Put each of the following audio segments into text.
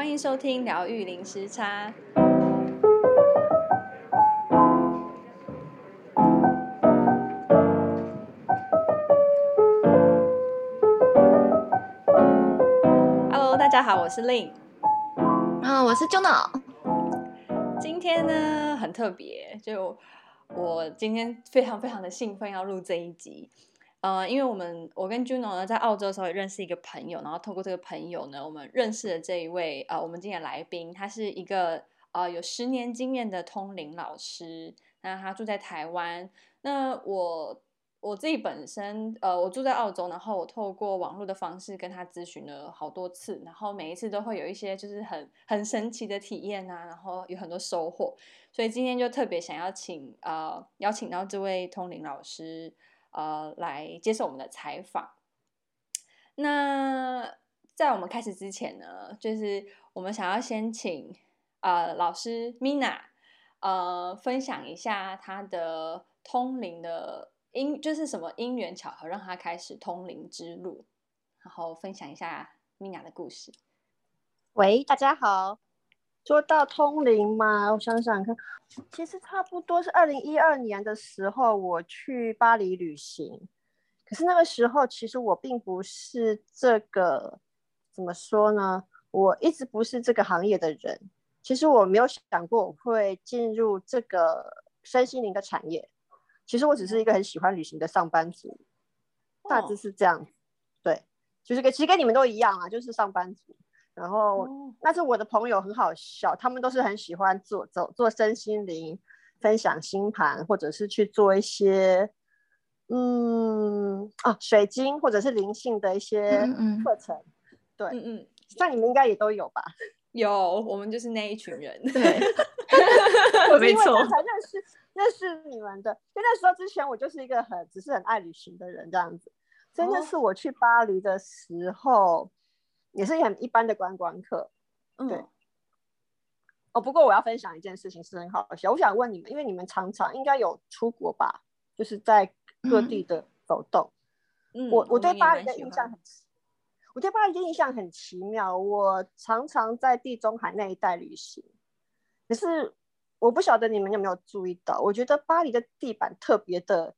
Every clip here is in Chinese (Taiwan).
歡迎收聽療癒零時差。Hello，大家好，我是 Link。啊、oh，我是 Joanna。今天呢，很特別，就我今天非常非常的興奮，要錄這一集。呃，因為我們我跟 Juno 呢在澳洲的時候也認識一個朋友，然後透過這個朋友呢，我們認識了這一位呃，我們今天來賓，他是一個呃有十年經驗的通靈老師，那他住在台灣。那我我自己本身呃我住在澳洲，然後我透過網絡的方式跟他諮詢了好多次，然後每一次都會有一些就是很很神奇的體驗啊，然後有很多收穫，所以今天就特別想要請呃邀請到這位通靈老師。呃，來接受我們的採訪。那在我們開始之前呢，就是我們想要先請呃老師 Mina 呃分享一下她的通靈的因，就是什麼因緣巧合讓她開始通靈之路，然後分享一下 Mina 的故事。喂，大家好。說到通靈嘛，我想想看，其實差不多是二零一二年的時候，我去巴黎旅行。可是那個時候，其實我並不是這個怎麼說呢？我一直不是這個行業的人。其實我沒有想過我會進入這個身心靈的產業。其實我只是一個很喜歡旅行的上班族，大致是這樣。哦、對，就是跟其實跟你們都一樣啊，就是上班族。然後、嗯、但是我的朋友，很好笑，他們都是很喜歡做走做，做身心靈分享星盤，或者是去做一些嗯啊水晶或者是靈性的一些課程嗯嗯。對，嗯嗯，像你們應該也都有吧？有，我們就是那一群人。對，沒錯。剛才認識，認識 你們的，就那時候之前我就是一個很只是很愛旅行的人，這樣子。所以那是我去巴黎的時候。哦也是很一般的觀光客，嗯。對。哦，不過我要分享一件事情是很好，而且我想問你們，因為你們常常應該有出國吧，就是在各地的走動。嗯、我、嗯、我對巴黎的印象很我，我對巴黎印象很奇妙。我常常在地中海那一帶旅行，可是我不曉得你們有沒有注意到，我覺得巴黎的地板特別的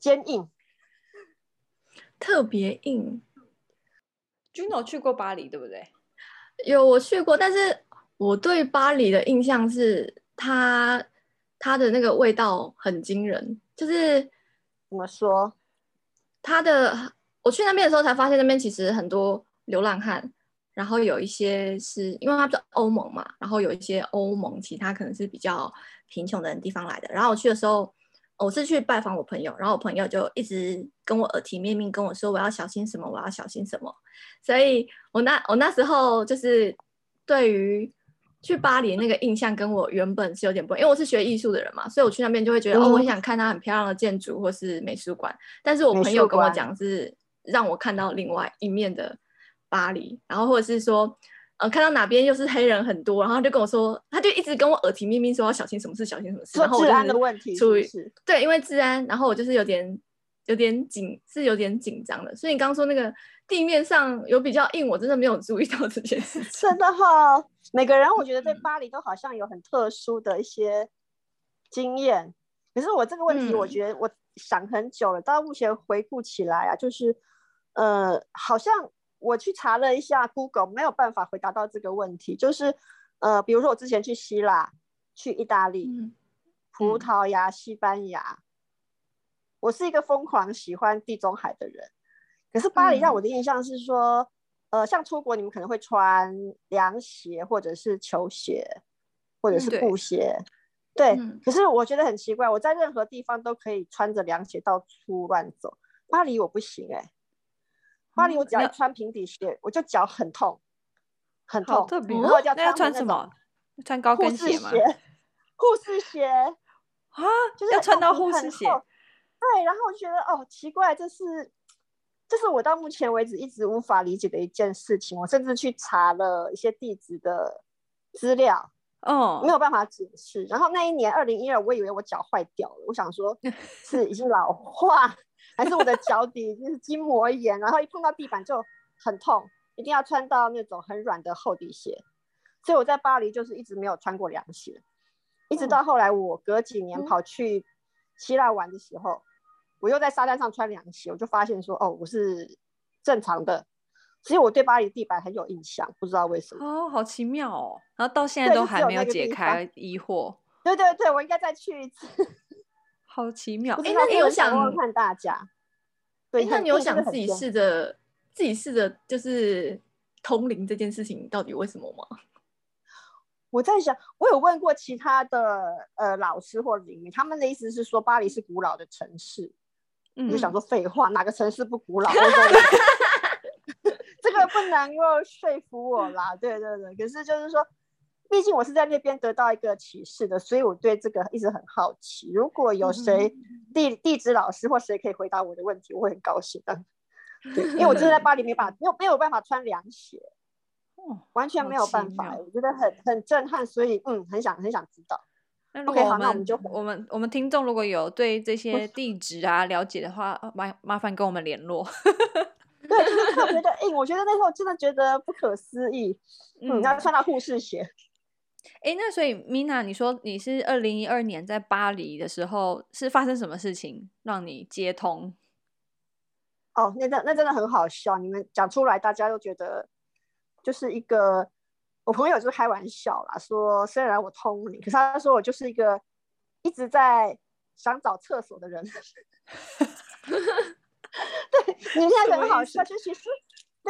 堅硬，特別硬。Juno 去過巴黎，對不對？有，我去過，但是我對巴黎的印象是它，它它的那個味道很驚人。就是怎麼說，它的我去那邊的時候才發現，那邊其實很多流浪漢，然後有一些是因為它比較歐盟嘛，然後有一些歐盟其他可能是比較貧窮的地方來的。然後我去的時候。我是去拜訪我朋友，然後我朋友就一直跟我耳提面命跟我說我要小心什麼，我要小心什麼。所以，我那我那時候就是對於去巴黎那個印象跟我原本是有點不一樣，因為我是學藝術的人嘛，所以我去那邊就會覺得、嗯、哦，我想看它很漂亮的建築或是美術館。但是我朋友跟我講是讓我看到另外一面的巴黎，然後或者是說。嗯、呃，看到哪邊又是黑人很多，然後他就跟我說，他就一直跟我耳提面命說要小心什麼事，小心什麼事。是治安的問題是是，對，因為治安，然後我就是有點有點緊，是有點緊張的。所以你剛說那個地面上有比較硬，我真的沒有注意到這件事 真的哈、哦，每個人我覺得在巴黎都好像有很特殊的一些經驗、嗯。可是我這個問題，我覺得我想很久了，到目前回顧起來啊，就是呃，好像。我去查了一下 Google，沒有辦法回答到這個問題。就是，呃，比如說我之前去希臘、去意大利、嗯、葡萄牙、西班牙，我是一個瘋狂喜歡地中海的人。可是巴黎讓我的印象是說，嗯、呃，像出國你們可能會穿涼鞋或者是球鞋或者是布鞋，嗯、對，對、嗯。可是我覺得很奇怪，我在任何地方都可以穿着涼鞋到處亂走，巴黎我不行哎、欸。巴黎，我只要穿平底鞋，嗯、我就腳很痛，很痛，特別、哦，那。那要穿什麼？穿高跟鞋嗎？護士鞋。護士鞋啊，就是要穿到護士鞋。對，然後我覺得哦，奇怪，這是，這是我到目前為止一直無法理解的一件事情。我甚至去查了一些地址的資料，哦、嗯，沒有辦法解釋。然後那一年二零一二，2012, 我以為我腳壞掉了，我想說是已經老化。 還是我的腳底就是筋膜炎，然後一碰到地板就很痛，一定要穿到那種很軟的厚底鞋。所以我在巴黎就是一直沒有穿過涼鞋，一直到後來我隔幾年跑去希臘玩的時候，嗯、我又在沙灘上穿涼鞋，我就發現說哦，我是正常的。所以我對巴黎地板很有印象，不知道為什麼哦，好奇妙哦，然後到現在都還沒有解開疑惑。對對，對對，我應該再去一次。好奇妙，哎，那你有想問看大家？對，那你有想自己試着、嗯、自己試着就是通靈這件事情，到底為什麼嗎？我在想，我有問過其他的呃老師或靈媒，他們的意思是說巴黎是古老的城市。嗯，我想說廢話，哪個城市不古老？ 這個不能夠說服我啦。 對，對對對，可是就是說。畢竟我是在那邊得到一個啟示的，所以我對這個一直很好奇。如果有誰地地質老師，或誰可以回答我的問題，我會很高興的、啊。因為我真的在巴黎，沒法，沒有沒有辦法穿涼鞋、嗯，完全沒有辦法。我覺得很很震撼，所以嗯，很想很想知道。OK，好，那我們就，我們我們聽眾如果有對這些地質啊了解的話，麻麻煩跟我們聯絡。 對，就是、特別的硬，我覺得那時候真的覺得不可思議。你要穿到護士鞋。嗯哎，那所以，Mina，你說你是二零一二年在巴黎的時候是發生什麼事情，讓你接通？哦，那真那真的很好笑，你們講出來，大家都覺得就是一個我朋友就是開玩笑啦，說雖然我偷你，可是他說我就是一個一直在想找廁所的人。 對，你現在覺得好笑，就是。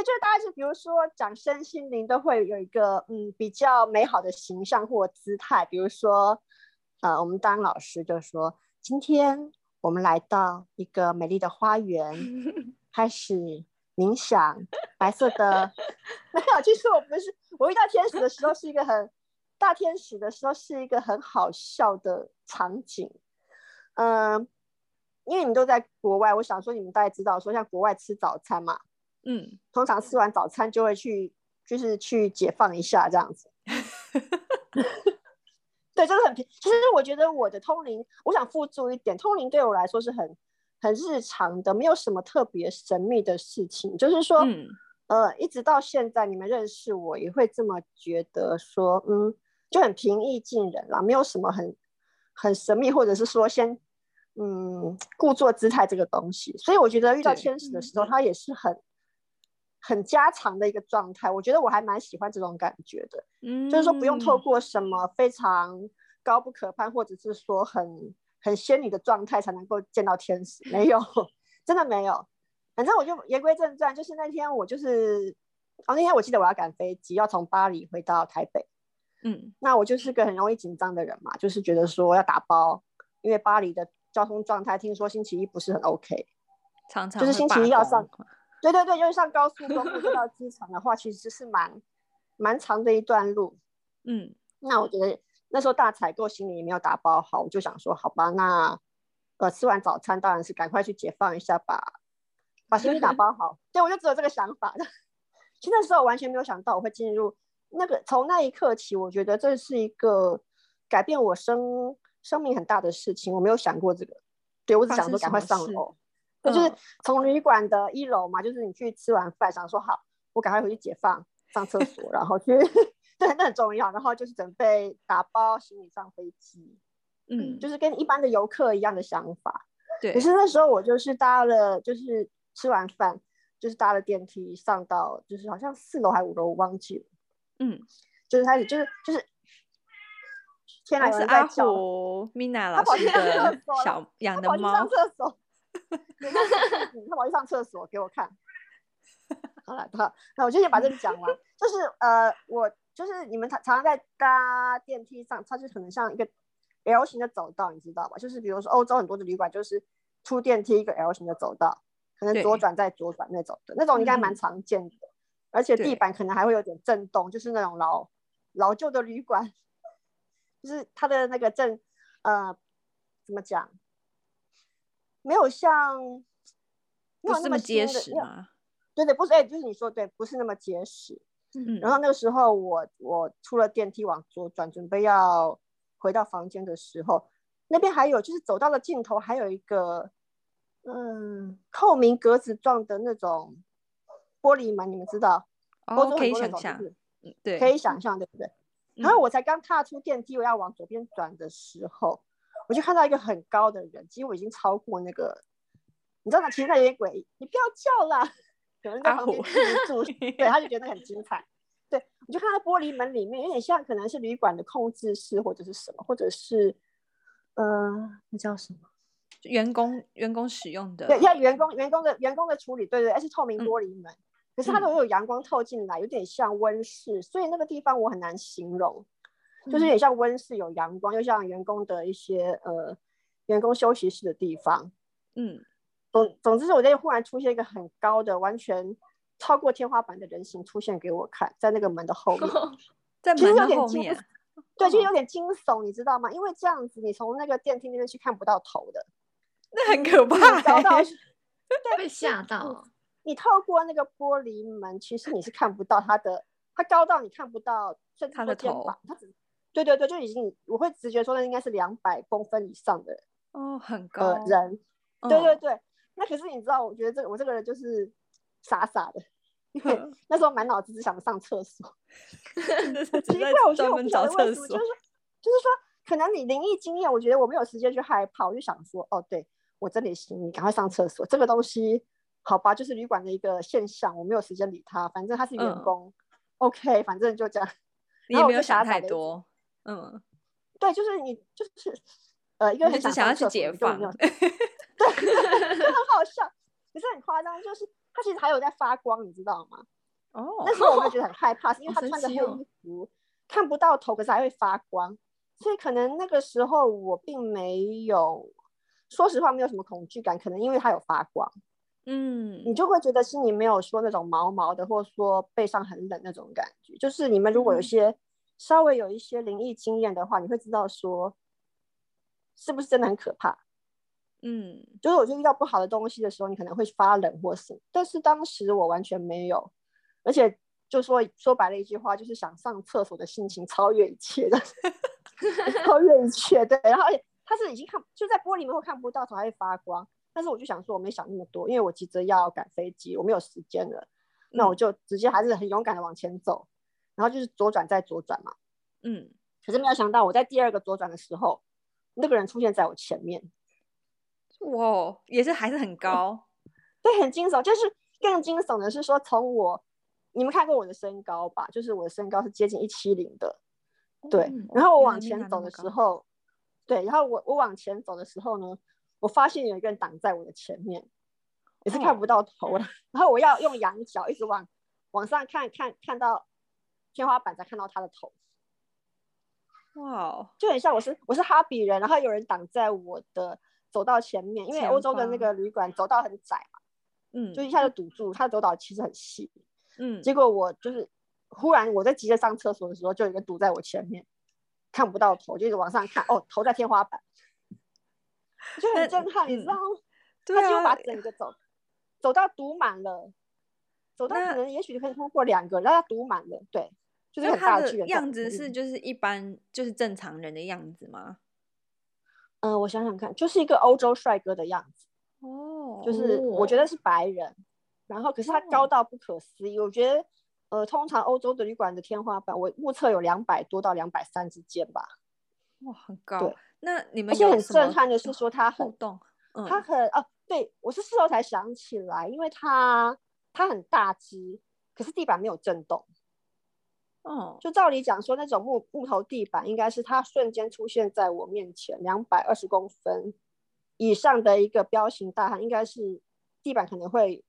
那就大家就比如說，講身心靈都會有一個嗯比較美好的形象或姿態。比如說，呃，我們當老師就說，今天我們來到一個美麗的花園，開始冥想。白色的沒有，其實我不是，我遇到天使的時候是一個很 大天使的時候是一個很好笑的場景。嗯、呃，因為你們都在國外，我想說你們大概知道，說像國外吃早餐嘛。嗯，通常吃完早餐就會去，就是去解放一下這樣子。 對，這、就是很平。其實我覺得我的通靈，我想附註一點，通靈對我來說是很很日常的，沒有什麼特別神秘的事情。就是說、嗯，呃，一直到現在你們認識我也會這麼覺得說，嗯，就很平易近人啦，沒有什麼很很神秘，或者是說先嗯故作姿態這個東西。所以我覺得遇到天使的時候，他也是很。嗯很家常的一個狀態，我覺得我還蠻喜歡這種感覺的。嗯，就是說不用透過什麼非常高不可攀，或者是說很很仙女的狀態才能夠見到天使，沒有，真的沒有。反正我就言歸正傳，就是那天我就是，哦，那天我記得我要趕飛機，要從巴黎回到台北。嗯，那我就是個很容易緊張的人嘛，就是覺得說要打包，因為巴黎的交通狀態聽說星期一不是很 OK，常常就是星期一要上。對對對，因為上高速公路就到機場的話， 其實是蠻蠻長的一段路。嗯，那我覺得那時候大採購行李也沒有打包好，我就想說，好吧，那呃吃完早餐當然是趕快去解放一下吧，把行李打包好。 對，我就只有這個想法。其實那時候我完全沒有想到我會進入那個，從那一刻起，我覺得這是一個改變我生生命很大的事情。我沒有想過這個，對，我只想說趕快上樓。嗯、就是從旅館的一樓嘛，就是你去吃完飯，想說好，我趕快回去解放上廁所， 然後去，對，那很重要。然後就是準備打包行李上飛機，嗯，嗯，就是跟一般的遊客一樣的想法。對，可是那時候我就是搭了，就是吃完飯，就是搭了電梯上到，就是好像四樓還五樓，我忘記了。嗯，就是開始，就是就是，天哪，啊，是阿虎他跑去廁所米娜老師小的小養的貓。他跑去上 你看我去上廁所給我看。好了，好，那我就先把這個講完。 就是呃，我就是你們常常在搭電梯上，它是可能像一個 L 型的走道，你知道吧？就是比如說歐洲很多的旅館，就是出電梯一個 L 型的走道，可能左轉再左轉那種的，那種應該蠻常見的。嗯。而且地板可能還會有點震動，就是那種老老舊的旅館，就是它的那個震呃怎麼講？沒有像，沒有不是那麼結實啊？對對，不是，哎、欸，就是你說對，不是那麼結實。嗯。然後那個時候我，我我出了電梯往左轉，準備要回到房間的時候，那邊還有就是走到了盡頭，還有一個嗯透明格子狀的那種玻璃門，你們知道？可以想象，嗯、okay，對，可以想象，對不對、嗯？然後我才剛踏出電梯，我要往左邊轉的時候。我就看到一個很高的人，幾乎已經超過那個，你知道嗎？其實他有點詭異。你不要叫啦，可能阿虎住， 對，他就覺得很精彩。對，我就看到玻璃門裡面有點像可能是旅館的控制室或者是什麼，或者是，呃，那叫什麼，員工員工使用的，對，要員工員工的員工的處理，對對，而是透明玻璃門、嗯，可是它都有陽光透進來，有點像溫室，所以那個地方我很難形容。就是也像溫室有陽光、嗯，又像員工的一些呃員工休息室的地方。嗯，總總之是我這裡忽然出現一個很高的，完全超過天花板的人形出現給我看，在那個門的後面，哦、在門的後面，有點後面，對，就有點驚悚、哦，你知道嗎？因為這樣子，你從那個電梯那邊去看不到頭的，那很可怕、欸，被，被嚇到你。你透過那個玻璃門，其實你是看不到他的，他高到你看不到，正常的肩膀，對對對，就已經我會直覺說那應該是兩百公分以上的哦，很高、呃、人、嗯。對對對，那可是你知道，我覺得這個我這個人就是傻傻的、嗯，因為那時候滿腦子只想上廁所，奇 怪，我覺得我不知道為什麼，就是說就是說，可能你靈異經驗，我覺得我沒有時間去害怕，我就想說，哦，對我真的行，你趕快上廁所。這個東西好吧，就是旅館的一個現象，我沒有時間理他，反正他是員工、嗯、OK，反正就這樣，你也沒有想太多。嗯、uh,，對，就是你，就是呃，因為很想要去解放，對、 呃，就很, 很好笑，可是很誇張。就是他其實還有在發光，你知道嗎？哦、oh,，那時候我會覺得很害怕，是因為他穿的黑衣服、oh, 看不到頭，可是還會發光，oh. 所以可能那個時候我並沒有說實話，沒有什麼恐懼感，可能因為他有發光。嗯、mm -hmm.，你就會覺得心裡沒有說那種毛毛的，或者說背上很冷那種感覺，就是你們如果有些。Mm -hmm. 稍微有一些靈異經驗的話，你會知道說是不是真的很可怕。嗯，就是我就遇到不好的東西的時候，你可能會發冷或是，但是當時我完全沒有，而且就說說白了一句話，就是想上廁所的心情超越一切， 超越一切。對，然後他是已經看就在玻璃門會看不到，頭還會發光。但是我就想說，我沒想那麼多，因為我急着要趕飛機，我沒有時間了。那我就直接還是很勇敢的往前走。嗯然後就是左轉再左轉嘛，嗯，可是沒有想到我在第二個左轉的時候，那個人出現在我前面，哇，也是還是很高，嗯、對，很驚悚。就是更驚悚的是說，從我你們看過我的身高吧，就是我的身高是接近一七零的、嗯，對。然後我往前走的時候，對，然後我我往前走的時候呢，我發現有一個人擋在我的前面，也是看不到頭的、嗯，然後我要用仰角一直往 往上看看看到。天花板才看到他的頭，哇，就很像我是我是哈比人，然後有人擋在我的走道前面，因為歐洲的那個旅館走道很窄嘛，嗯，就一下就堵住。他的走道其實很細，嗯，結果我就是忽然我在急着上廁所的時候，就有人堵在我前面，看不到頭，就是往上看，哦，頭在天花板，就很震撼。你知道他就把整個走走道堵滿了，走道可能也許可以通過兩個，然後他堵滿了對、嗯嗯，對、啊。就是大他的樣子是就是一般就是正常人的樣子嗎？嗯、呃，我想想看，就是一個歐洲帥哥的樣子哦，就是我覺得是白人，然後可是他高到不可思議。嗯、我覺得呃，通常歐洲的旅館的天花板我目測有兩百多到兩百三之間吧，哇，很高。對，那你們而且很震撼的是說他很動、嗯，他很哦、啊，對，我是事後才想起來，因為他他很大只，可是地板沒有震動。就照理講說，那種木木頭地板，應該是它，瞬間出現在我面前，兩百二十公分以上的一個彪形大漢，應該是地板可能會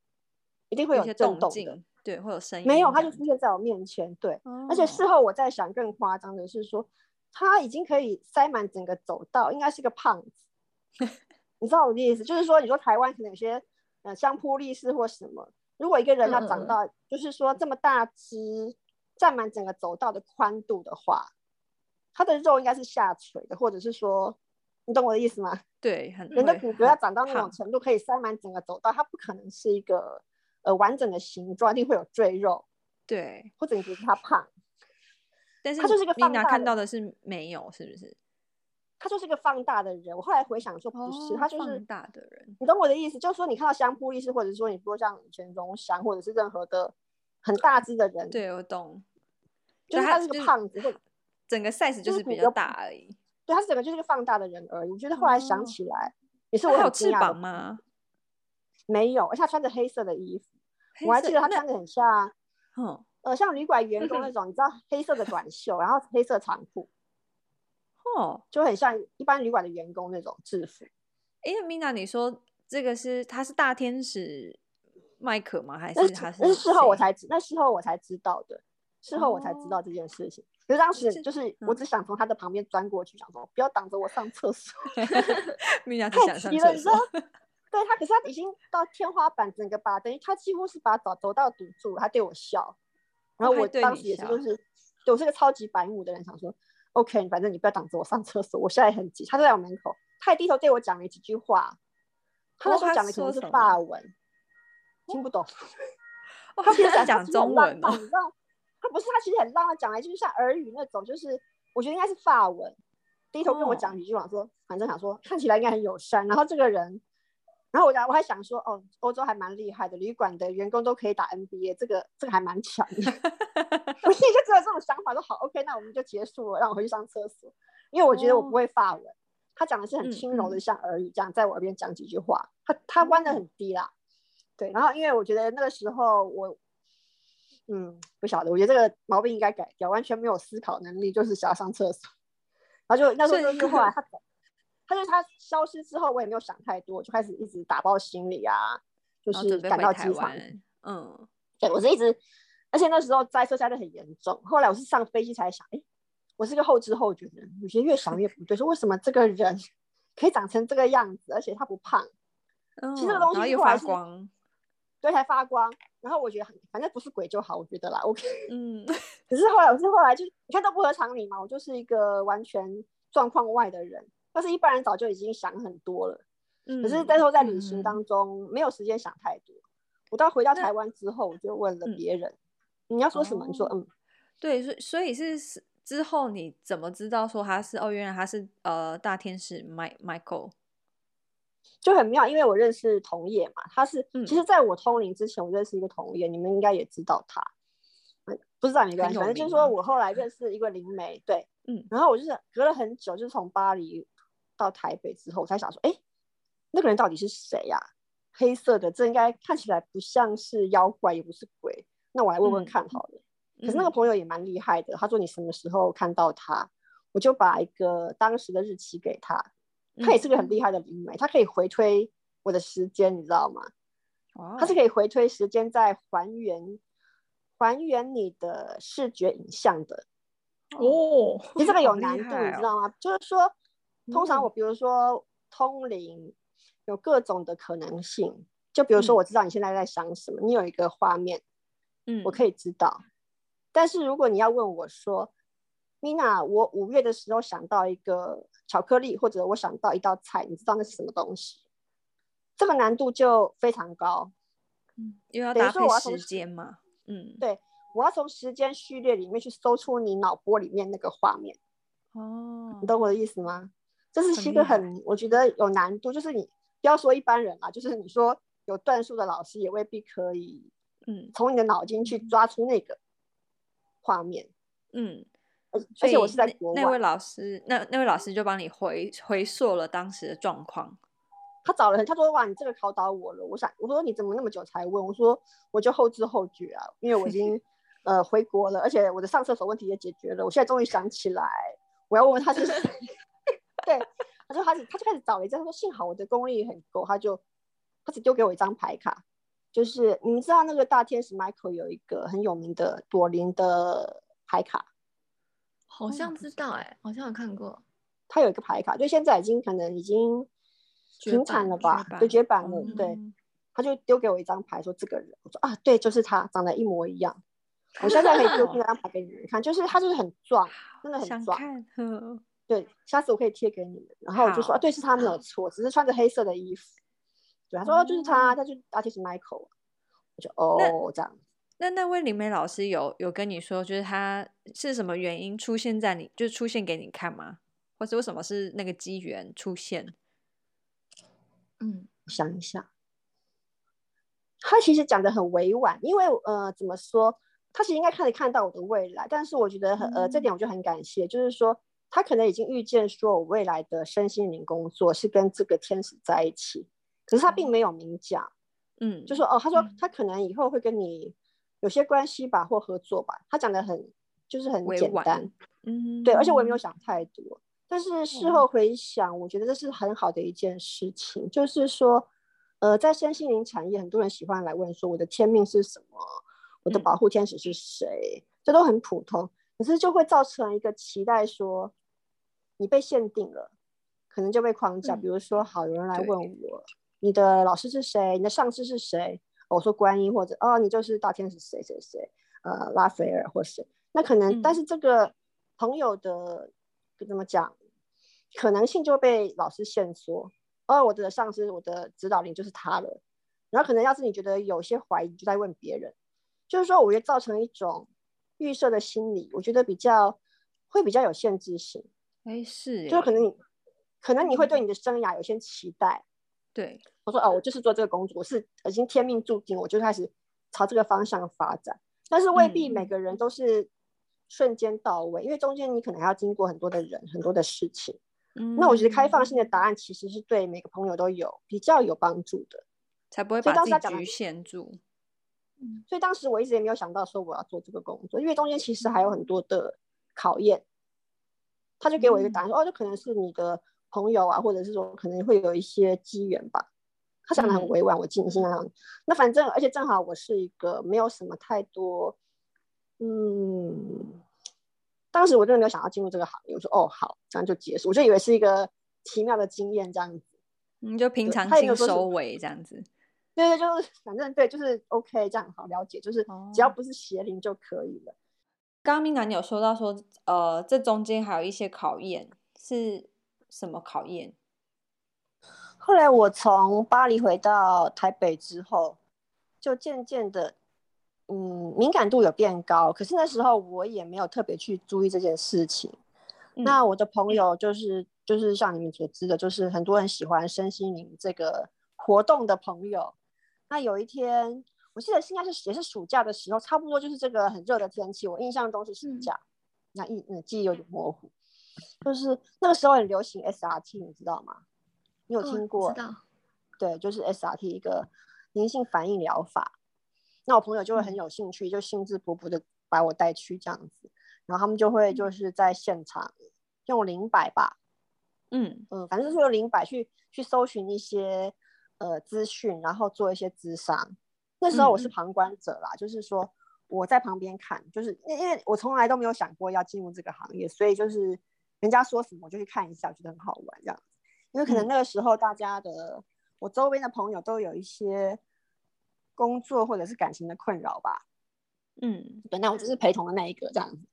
一定會有震動的，那些動靜，對，會有聲音。沒有，他就出現在我面前，對。嗯、而且事後我在想，更誇張的是說，他已經可以塞滿整個走道，應該是個胖子。 你知道我的意思，就是說，你說台灣可能有些呃相撲力士或什麼，如果一個人要、呃、長到，就是說這麼大只。佔滿整個走道的寬度的話，他的肉應該是下垂的，或者是說，你懂我的意思嗎？對，很。人的骨骼要長到那種程度，可以塞滿整個走道，他不可能是一個呃完整的形狀，一定會有贅肉。對，或者你覺得他胖，但是他就是一個放大看到的是沒有，是不是？他就是一個放大的人。我後來回想說不是，他、哦、就是放大的人。你懂我的意思，就是說你看到相撲力士，或者是說你比如說像拳宗祥，或者是任何的很大只的人，對我懂。就是他是個胖子，整個 size 就是比較大而已。對，他整個就是一個放大的人而已。就是後來想起來，嗯、也是我有翅膀嗎？沒有，而且他穿着黑色的衣服，我還記得他穿的很像，哦，呃，像旅館員工那種、嗯，你知道，黑色的短袖，呵呵然後黑色長褲，哦，就很像一般旅館的員工那種制服。哎、欸、米娜你說這個是他是大天使麥克嗎？還是他是？是事後我才知那事後我才知道的。事後我才知道這件事情，可、oh, 是當時就是我只想從他的旁邊鑽過去，嗯，想說不要擋着我上廁所, 所，太急了你說。對他，可是他已經到天花板整個把，等於他幾乎是把他走走道堵住，他對我笑，然後我當時也是就是，我對，對我是個超級白目的人，想說 OK，反正你不要擋着我上廁所，我現在很急。他就在我門口，他也低頭對我講了幾句話，他那時候講的就是霸文，哦，聽不懂，哦、他其開始講中文了。 不是他其實很浪啊，講來就是像耳語那種，就是我覺得應該是法文，低頭跟我講幾句話說，說、嗯、反正想說看起來應該很友善。然後這個人，然後我講我還想說哦，歐洲還蠻厲害的，旅館的員工都可以打 NBA，這個這個還蠻強的。 我現在就只有這種想法，就好 OK，那我們就結束了，讓我回去上廁所，因為我覺得我不會法文。嗯、他講的是很輕柔的，像耳語這樣在我耳邊講幾句話。嗯、他他彎的很低啦，對，然後因為我覺得那個時候我。嗯，不曉得，我覺得這個毛病應該改掉，完全沒有思考能力，就是想要上廁所。然後就那時候就是後來他， 他就是他消失之後，我也沒有想太多，就開始一直打包行李啊，就是趕到機場。然嗯，對我是一直，而且那時候塞車塞的很嚴重。後來我是上飛機才想，誒，我是個後知後覺的人，有些越想越不對， 說為什麼這個人可以長成這個樣子，而且他不胖，嗯、其實這個東西還是。對，還發光。然後我覺得，反正不是鬼就好，我覺得啦。OK。嗯。 可是後來，我是後來就，你看都不合常理嘛，我就是一個完全狀況外的人。但是，一般人早就已經想很多了。嗯。可是再說，在旅行當中、嗯、沒有時間想太多。我到回到台灣之後，我就問了別人：“嗯、你要說什麼？”嗯、你說嗯：“嗯，對，所所以是之後你怎麼知道說他是？哦，原來他是呃大天使麥 m i 就很妙，因為我認識同業嘛，他是、嗯、其實在我通靈之前，我認識一個同業，你們應該也知道他，嗯，不知道沒關係，反正就是說我後來認識一個靈媒、嗯，對，嗯，然後我就是隔了很久，就是從巴黎到台北之後，我才想說，哎，那個人到底是誰呀、啊？黑色的，這應該看起來不像是妖怪，也不是鬼，那我來問問看好了、嗯。可是那個朋友也蠻厲害的，他說，你什麼時候看到他，我就把一個當時的日期給他。它也是個很厲害的靈媒，它、嗯、可以回推我的時間，你知道嗎？它、wow. 是可以回推時間，再還原、還原你的視覺影像的。哦、oh, 嗯，你這個有難度、啊，你知道嗎？就是說，通常我比如說、嗯、通靈，有各種的可能性。就比如說，我知道你現在在想什麼，嗯、你有一個畫面，嗯，我可以知道。但是如果你要問我說米娜，我五月的時候想到一個。巧克力，或者我想到一道菜，你知道那是什麼東西？這個難度就非常高。嗯，又要等於說我要從時間嘛。嗯，對，我要從時間序列裡面去搜出你腦波裡面那個畫面。哦，你懂我的意思嗎？這是其實很，我覺得有難度。就是你不要說一般人啊，就是你說有段數的老師也未必可以。嗯，從你的腦筋去抓出那個畫面。嗯。嗯而且我是在國外，那位老師，那那位老師就幫你回回溯了當時的狀況。他找了很，他說哇你這個考倒我了，我想我說你怎麼那麼久才問？我說我就後知後覺啊，因為我已經 呃回國了，而且我的上廁所問題也解決了。我現在終於想起來， 我要問問他是誰。 對，他就他他就開始找了一下，他說幸好我的功力很夠，他就他只丟給我一張牌卡，就是你們知道那個大天使 Michael 有一個很有名的朵琳的牌卡。好像知道哎、欸哦，好像有看過。他有一個牌卡，就現在已經可能已經停產了吧，對絕版、絕版、絕版了、嗯。對，他就丟給我一張牌，說這個人，我說啊，對，就是他，長得一模一樣。 我現在可以丟這張牌給你們看，就是他就是很壯， 真的很壯。想看。對，下次我可以貼給你們。然後我就說啊，對，是他沒有錯， 只是穿着黑色的衣服。對，他說、嗯啊、就是他，他就而且是、Artist、Michael。我就哦，這樣。那那位靈媒老師有有跟你說，就是他是什麼原因出現在你，就出現給你看嗎？或是為什麼是那個機緣出現？嗯，想一下，他其實講得很委婉，因為呃，怎麼說，他是應該可以看到我的未來，但是我覺得很、嗯、呃，這點我就很感謝，就是說他可能已經預見說我未來的身心靈工作是跟這個天使在一起，可是他並沒有明講，嗯，就說哦，他說他可能以後會跟你。有些關係吧，或合作吧。他講的很，就是很簡單，嗯，對，嗯，而且我也沒有想太多、嗯。但是事後回想，我覺得這是很好的一件事情。嗯、就是說，呃，在身心靈產業，很多人喜歡來問說：“我的天命是什麼？嗯、我的保護天使是誰、嗯？”這都很普通，可是就會造成一個期待，說你被限定了，可能就被框架、嗯。比如說，好，有人來問我：“你的老師是誰？你的上司是誰？”我說觀音或者哦，你就是大天使誰誰誰，呃，拉斐爾或誰，那可能，嗯、但是這個朋友的怎麼講，可能性就會被老師限縮。哦，我的上司，我的指導靈就是他了。然後可能要是你覺得有些懷疑，就在問別人，就是說，我覺得造成一種預設的心理，我覺得比較會比較有限制性。沒、哎、是，就可能你可能你會對你的生涯有些期待。嗯對，我說哦、啊，我就是做這個工作，我是已經天命註定，我就開始朝這個方向發展。但是未必每個人都是瞬間到位、嗯，因為中間你可能還要經過很多的人、很多的事情。嗯、那我覺得開放性的答案其實是對每個朋友都有比較有幫助的，才不會把自己局限住。所以當時我一直也沒有想到說我要做這個工作，因為中間其實還有很多的考驗。他就給我一個答案、嗯、說：“哦，這可能是你的。”朋友啊，或者是說可能會有一些機緣吧。他講的很委婉，我記你印象上。那反正，而且正好我是一個沒有什麼太多，嗯，當時我真的沒有想要進入這個行業。我說哦，好，這樣就結束。我就以為是一個奇妙的經驗這樣子。嗯，就平常心收尾這樣子。對、嗯、對，就是反正對，就是 OK 這樣好了解，就是只要不是邪靈就可以了。剛剛 Mina 你有說到說，呃，這中間還有一些考驗是。什麼考驗？後來我從巴黎回到台北之後，就漸漸的，嗯，敏感度有變高。可是那時候我也沒有特別去注意這件事情。嗯，那我的朋友就是，就是像你們所知的，就是很多人喜歡身心靈這個活動的朋友。那有一天，我記得應該是也是暑假的時候，差不多就是這個很熱的天氣。我印象中是暑假，那一嗯，記憶有點模糊。就是那個時候很流行 SRT，你知道嗎？你有聽過？哦、知道、對，就是 SRT 一個靈性反應療法。那我朋友就會很有興趣，嗯、就興致勃勃的把我帶去這樣子。然後他們就會就是在現場用靈擺吧，嗯嗯，反正就是用靈擺去去搜尋一些呃資訊，然後做一些諮商。那時候我是旁觀者啦，嗯、就是說我在旁邊看，就是因為我從來都沒有想過要進入這個行業，所以就是。人家說什麼我就去看一下，我覺得很好玩這樣。因為可能那個時候大家的、嗯、我周邊的朋友都有一些工作或者是感情的困擾吧。嗯，本來我只是陪同的那一個這樣子。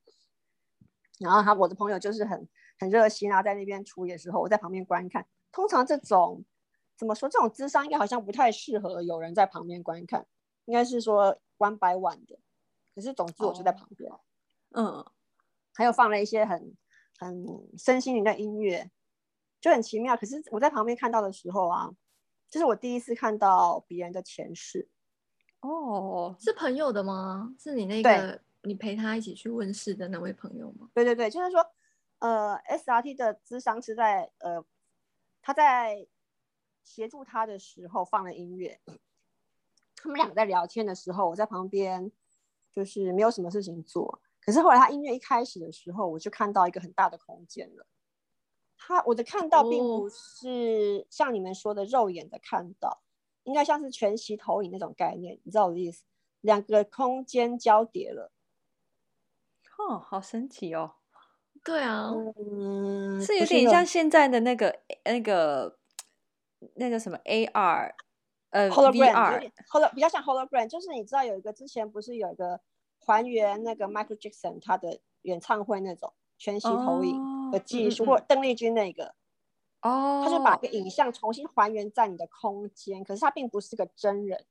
然後他我的朋友就是很很熱心，啊，然在那邊處理的時候我在旁邊觀看。通常這種怎麼說這種諮商應該好像不太適合有人在旁邊觀看，應該是說 one by one 的。可是總之我就在旁邊，哦。嗯，還有放了一些很。很、嗯、身心靈的音樂，就很奇妙。可是我在旁邊看到的時候啊，這、就是我第一次看到別人的前世。哦，是朋友的嗎？是你那個你陪他一起去問事的那位朋友嗎？對對對，就是說，呃，SRT 的諮商是在呃，他在協助他的時候放了音樂，他們倆在聊天的時候，我在旁邊就是沒有什麼事情做。可是後來他音樂一開始的時候，我就看到一個很大的空間了。他我的看到並不是像你們說的肉眼的看到，哦、應該像是全息投影那種概念，你知道我的意思？兩個空間交疊了，哦，好神奇哦！對啊，嗯、是有點像現在的那個那個那個什麼 AR，呃，VR，比較像 Hologram，就是你知道有一個之前不是有一個。還原那個 Michael Jackson 他的演唱會那種全息投影的技術，oh, 或鄧麗君那個哦，oh. 他就把個影像重新還原在你的空間，oh. 可是他並不是個真人，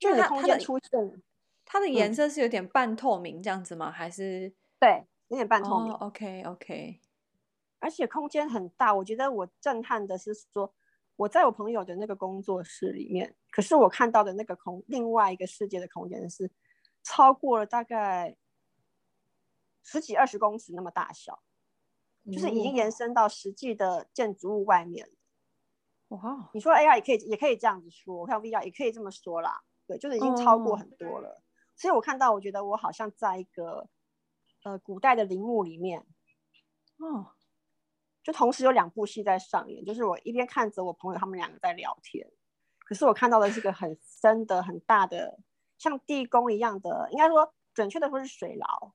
就是空間出現。他的顏色是有點半透明這樣子嗎？嗯、還是？對，有點半透明。Oh, OK OK，而且空間很大。我覺得我震撼的是說，我在我朋友的那個工作室裡面，可是我看到的那個空另外一個世界的空間是。超過了大概十幾二十公尺那麼大小，嗯、就是已經延伸到實際的建築物外面。哇，你說 AR 也可以，也可以這樣子說，還有 VR 也可以這麼說啦。對，就是已經超過很多了。嗯、所以我看到，我覺得我好像在一個呃古代的陵墓裡面。哦，就同時有兩部戲在上演，就是我一邊看着我朋友他們兩個在聊天，可是我看到的是一個很深的、很大的。像地宮一樣的，應該說準確的說是水牢。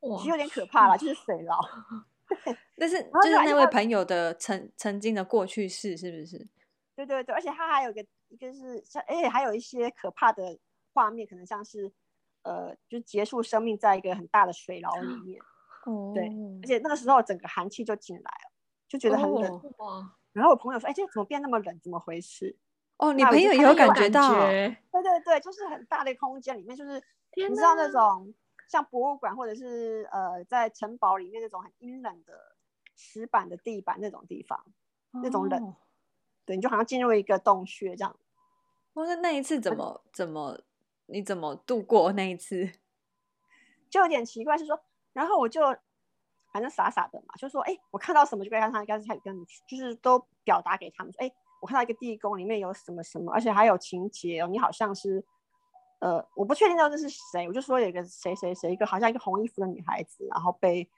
哇，其實有點可怕了， 就是水牢。 但是就是那位朋友的曾曾經的過去式是不是？ 對對對，而且他還有一個，就是像，哎、欸，還有一些可怕的畫面，可能像是，呃，就結束生命在一個很大的水牢裡面。哦、嗯。對，而且那個時候整個寒氣就進來了，就覺得很冷。哦、然後我朋友說：“哎、欸，這怎麼變那麼冷？怎麼回事？”哦，你朋友也有感覺到？ 對對對，就是很大的空間裡面，就是你知道那種像博物館或者是呃在城堡裡面那種很陰冷的石板的地板那種地方，哦、那種冷，對，你就好像進入一個洞穴這樣。哦、那那一次怎麼、嗯、怎麼你怎麼度過那一次？就有點奇怪，是說，然後我就反正傻傻的嘛，就說哎、欸，我看到什麼就該看什麼，該下雨跟你就是都表達給他們說哎。欸我看到一個地宮，裡面有什麼什麼，而且還有情節哦。你好像是，呃，我不確定到底是誰，我就說有一個誰誰誰，一個好像一個紅衣服的女孩子，然後被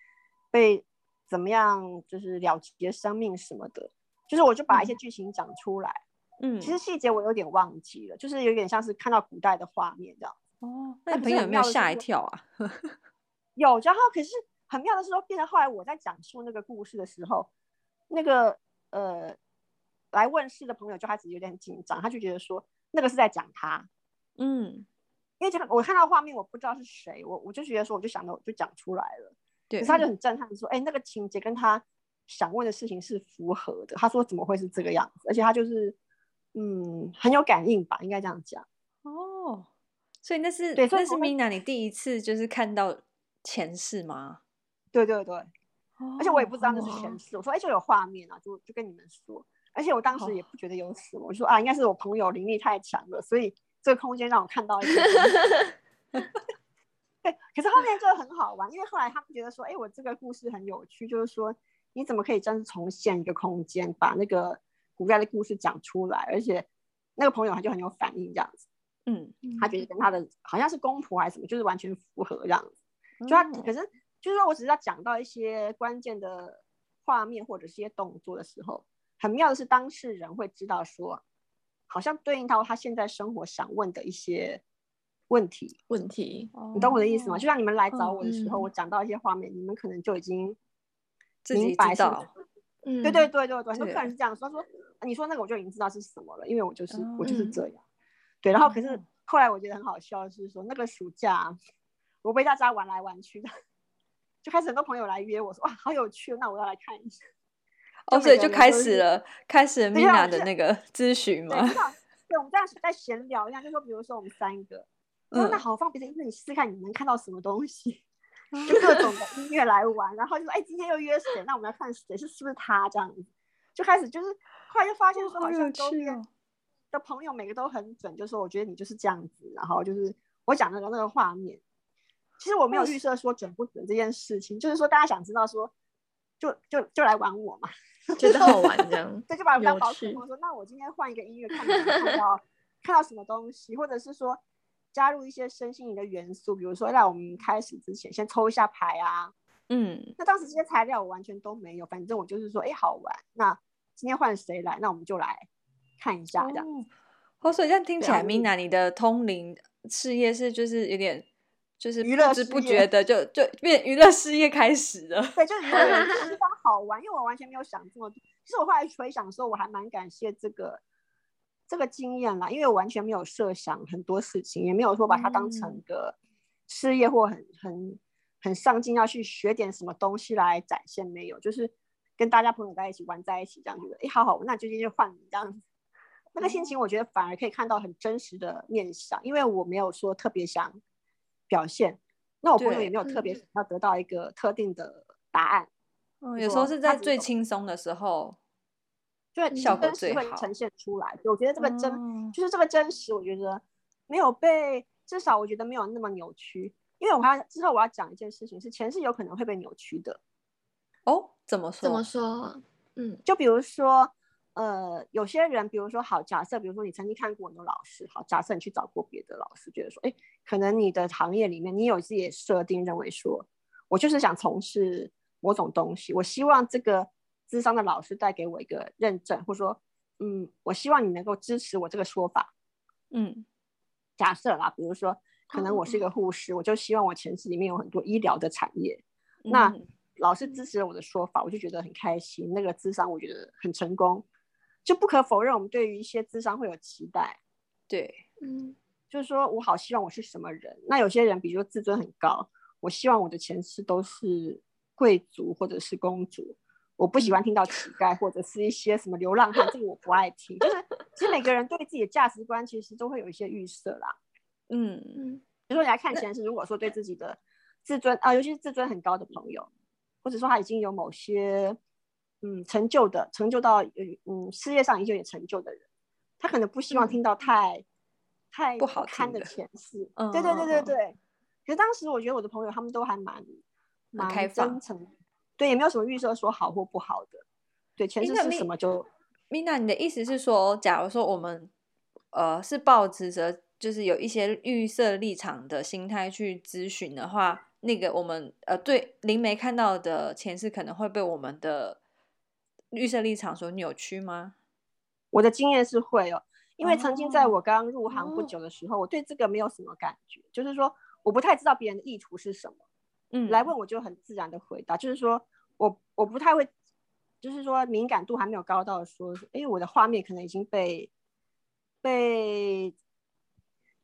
被怎麼樣，就是了結生命什麼的。就是我就把一些劇情講出來，嗯，其實細節我有點忘記了，就是有點像是看到古代的畫面這樣。哦，那朋友有沒有嚇一跳啊？ 有，然後可是很妙的是說，變成後來我在講述那個故事的時候，那個呃。來問事的朋友就開始有點緊張，他就覺得說那個是在講他，嗯，因為就我看到畫面，我不知道是誰，我我就覺得說我就想到我就講出來了，對，可是他就很震撼的說：“哎、欸，那個情節跟他想問的事情是符合的。”他說：“怎麼會是這個樣子？”而且他就是嗯很有感應吧，應該這樣講哦。所以那是對，那是 Mina 你第一次就是看到前世嗎？對對對，對、哦，而且我也不知道那是前世，我說：“哎、欸，就有畫面啊，就就跟你們說。”而且我當時也不覺得有什麼，哦，我就說啊，應該是我朋友靈力太強了，所以這個空間讓我看到一些。 對，可是後面就很好玩，因為後來他們覺得說，哎、欸，我這個故事很有趣，就是說你怎麼可以真的重現一個空間，把那個古代的故事講出來？而且那個朋友他就很有反應，這樣子，嗯，他覺得跟他的，嗯、好像是公婆還是什麼，就是完全符合這樣子。就他，嗯，可是就是說我只是要講到一些關鍵的畫面或者一些動作的時候。很妙的是，當事人會知道說，好像對應到他現在生活想問的一些問題。問題，你懂我的意思嗎？哦、就像你們來找我的時候，嗯、我講到一些畫面、嗯，你們可能就已經明白。嗯， 對對對對對,對、嗯，很多客人是這樣說：他說，你說那個，我就已經知道是什麼了，因為我就是、嗯、我就是這樣、嗯。對，然後可是後來我覺得很好笑，是說那個暑假、嗯，我被大家玩來玩去的，就開始很多朋友來約我說：哇，好有趣，那我要來看一下。哦，oh, 所以就開始了，開始 Mina 的那個諮詢嘛。對，我們這樣在閒聊一下，就是、說，比如說我們三個，那好放別的音，是你試試看，你能看到什麼東西？嗯、就各種的音樂來玩，然後就說，哎、欸，今天又約誰？那我們要看誰是，是不是他這樣子，就開始就是，後來就發現說，好像周邊的朋友每個都很準，就說我覺得你就是這樣子，然後就是我講的那個那個畫面，其實我沒有預設說準不準這件事情、哦就是就是，就是說大家想知道說，就就就，就來玩我嘛。覺 得好玩這， 就把我們搞死。我說，那我今天換一個音樂，看到看，看到 看到什麼東西，或者是說加入一些身心靈的元素，比如說讓我們開始之前先抽一下牌啊。嗯，那當時這些材料我完全都沒有，反正我就是說哎、欸、好玩。那今天換誰來？那我們就來看一下、嗯、這樣。我、哦、所以這樣聽起來、啊、Mina 你的通靈事業是就是有點。就是不知不覺的娛樂事業，就就變娛樂事業開始了， 對，就是娛樂其好玩，因為我完全沒有想過。其實我後來回想的時候，我還蠻感謝這個這個經驗啦，因為我完全沒有設想很多事情，也沒有說把它當成一個事業或很、嗯、很很上進要去學點什麼東西來展現。沒有，就是跟大家朋友在一起玩在一起這樣覺得，哎，好好，那最近就換這樣、嗯、那個心情，我覺得反而可以看到很真實的面相，因為我沒有說特別想。表現，那我朋友也沒有特別想要得到一個特定的答案。嗯、哦，有時候是在最輕鬆的時候，就效果最好呈現出來。嗯、就我覺得這個真，嗯、就是這個真實，我覺得沒有被，至少我覺得沒有那麼扭曲。因為我還要，之後我要講一件事情，是錢是有可能會被扭曲的。哦，怎麼說？怎麼說？嗯，就比如說。呃，有些人，比如說好假設，比如說你曾經看過很多老師，好假設你去找過別的老師，覺得說，哎，可能你的行業裡面，你有自己的設定，認為說我就是想從事某種東西，我希望這個諮商的老師帶給我一個認證，或說，嗯，我希望你能夠支持我這個說法，嗯，假設啦，比如說可能我是一個護士，嗯嗯，我就希望我前世裡面有很多醫療的產業，嗯、那老師支持了我的說法，我就覺得很開心，那個諮商我覺得很成功。就不可否認，我們對於一些諮商會有期待，對，嗯，就是說我好希望我是什麼人。那有些人，比如說自尊很高，我希望我的前世都是貴族或者是公主，我不喜歡聽到乞丐或者是一些什麼流浪漢， 這個我不愛聽。就是其實每個人對自己的價值觀其實都會有一些預設啦，嗯，比如說你來看前世，如果說對自己的自尊、嗯、啊，尤其是自尊很高的朋友，或者說他已經有某些。嗯，成就的成就到嗯事業上已經有成就的人，他可能不希望聽到太、嗯、太不好聽的前世。嗯，對對對對對。其、嗯、實當時我覺得我的朋友他們都還蠻蠻開放，對，也沒有什麼預設說好或不好的。對，前世是什麼就米。米娜，你的意思是說，假如說我們呃是抱持著，就是有一些預設立場的心態去諮詢的話，那個我們呃對靈媒看到的前世可能會被我們的。預設立場所扭曲嗎？我的經驗是會哦，因為曾經在我剛入行不久的時候，哦哦，我對這個沒有什麼感覺，就是說我不太知道別人的意圖是什麼。嗯，來問我就很自然的回答，就是說我我不太會，就是說敏感度還沒有高到說，哎，我的畫面可能已經被被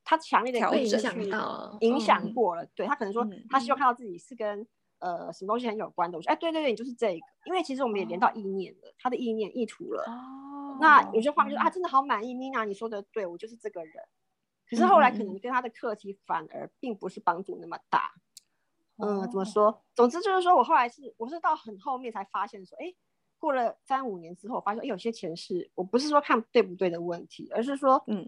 他強烈的被影響到影響過了。嗯、對他可能說，他希望看到自己是跟。嗯呃，什麼東西很有關的？我說，哎，對對對，你就是這個。因為其實我們也連到意念了，oh. 他的意念、意圖了。哦、oh.。那有些畫面就是 oh. 啊，真的好滿意 Mina、oh. 你說的對，我就是這個人。可是後來可能跟他的課題反而並不是幫助那麼大。嗯、oh. 呃。怎麼說？總之就是說我後來是，我是到很後面才發現說，哎，過了三五年之後，我發現，有些前世，我不是說看對不對的問題，而是說，嗯、oh.，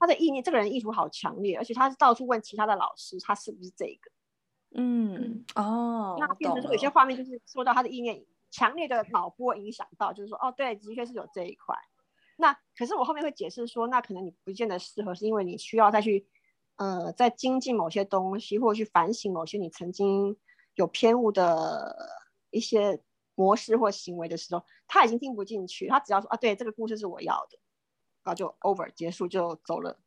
他的意念，這個人意圖好強烈，而且他是到處問其他的老師，他是不是這個。嗯，嗯哦，那變成說有些畫面就是受到他的意念強、嗯、烈的腦波影響到，就是說哦對，的確是有這一塊。那可是我後面會解釋說，那可能你不見得適合，是因為你需要再去呃再精進某些東西，或去反省某些你曾經有偏誤的一些模式或行為的時候，他已經聽不進去，他只要說啊對，這個故事是我要的，然後就 over 結束就走了。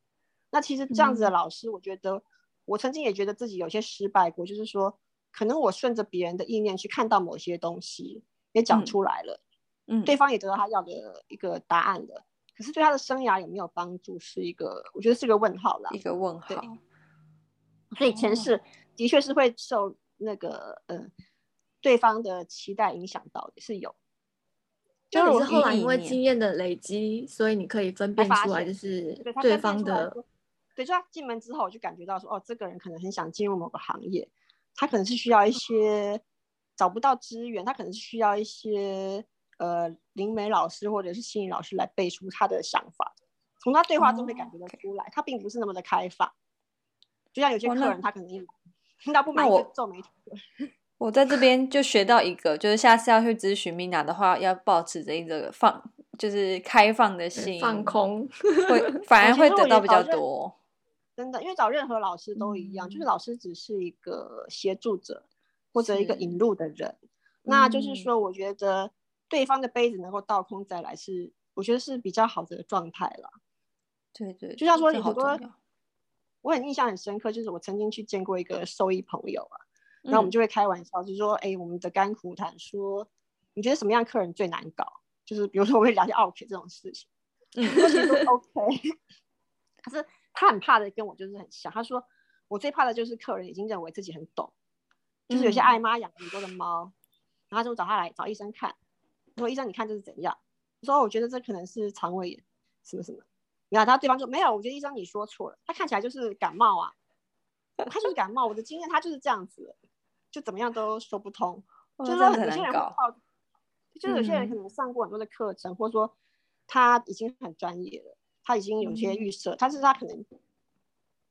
那其實這樣子的老師，我覺得。嗯我曾經也覺得自己有些失敗過，就是說，可能我順着別人的意念去看到某些東西，也講出來了嗯，嗯，對方也得到他要的一個答案了。嗯、可是對他的生涯有沒有幫助，是一個，我覺得是一個問號了，一個問號。所以前世的確是會受那個、哦、呃對方的期待影響到，是有。就我後來因為經驗的累積，所以你可以分辨出來，就是對方的。對，就他進門之後，我就感覺到說，哦，這個人可能很想進入某個行業，他可能是需要一些找不到資源，他可能是需要一些呃靈媒老師或者是心理老師來背書他的想法。從他對話中會感覺得出來、嗯，他並不是那麼的開放。Okay. 就像有些客人，那他可能也聽到不滿就皺眉頭，我，我，我在這邊就學到一個，就是下次要去諮詢 Mina 的話，要保持着一個放，就是開放的心、嗯，放空，會反而會得到比較多。 真的，因為找任何老師都一樣，嗯、就是老師只是一個協助者或者一個引路的人。那就是說，我覺得對方的杯子能夠倒空再來是，是、嗯、我覺得是比較好的狀態了。對，對對，就像說很多、多，我很印象很深刻，就是我曾經去見過一個收益朋友啊、嗯，然後我們就會開玩笑，就說：“哎、欸，我們的甘苦談，說你覺得什麼樣的客人最難搞？就是比如說，我會聊些傲 k 這種事情。嗯”嗯，OK，可是。 他很怕的，跟我就是很像。他說，我最怕的就是客人已經認為自己很懂、嗯，就是有些愛媽養很多的貓，然後就找他來找醫生看，說醫生，你看這是怎樣？說我覺得這可能是腸胃炎，什麼什麼。然後對方說沒有，我覺得醫生你說錯了，他看起來就是感冒啊，他就是感冒。 我的經驗，他就是這樣子，就怎麼樣都說不通。真的很難搞。就是有些人可能上過很多的課程，嗯、或者說他已經很專業了。他已經有些預設、嗯，但是他可能，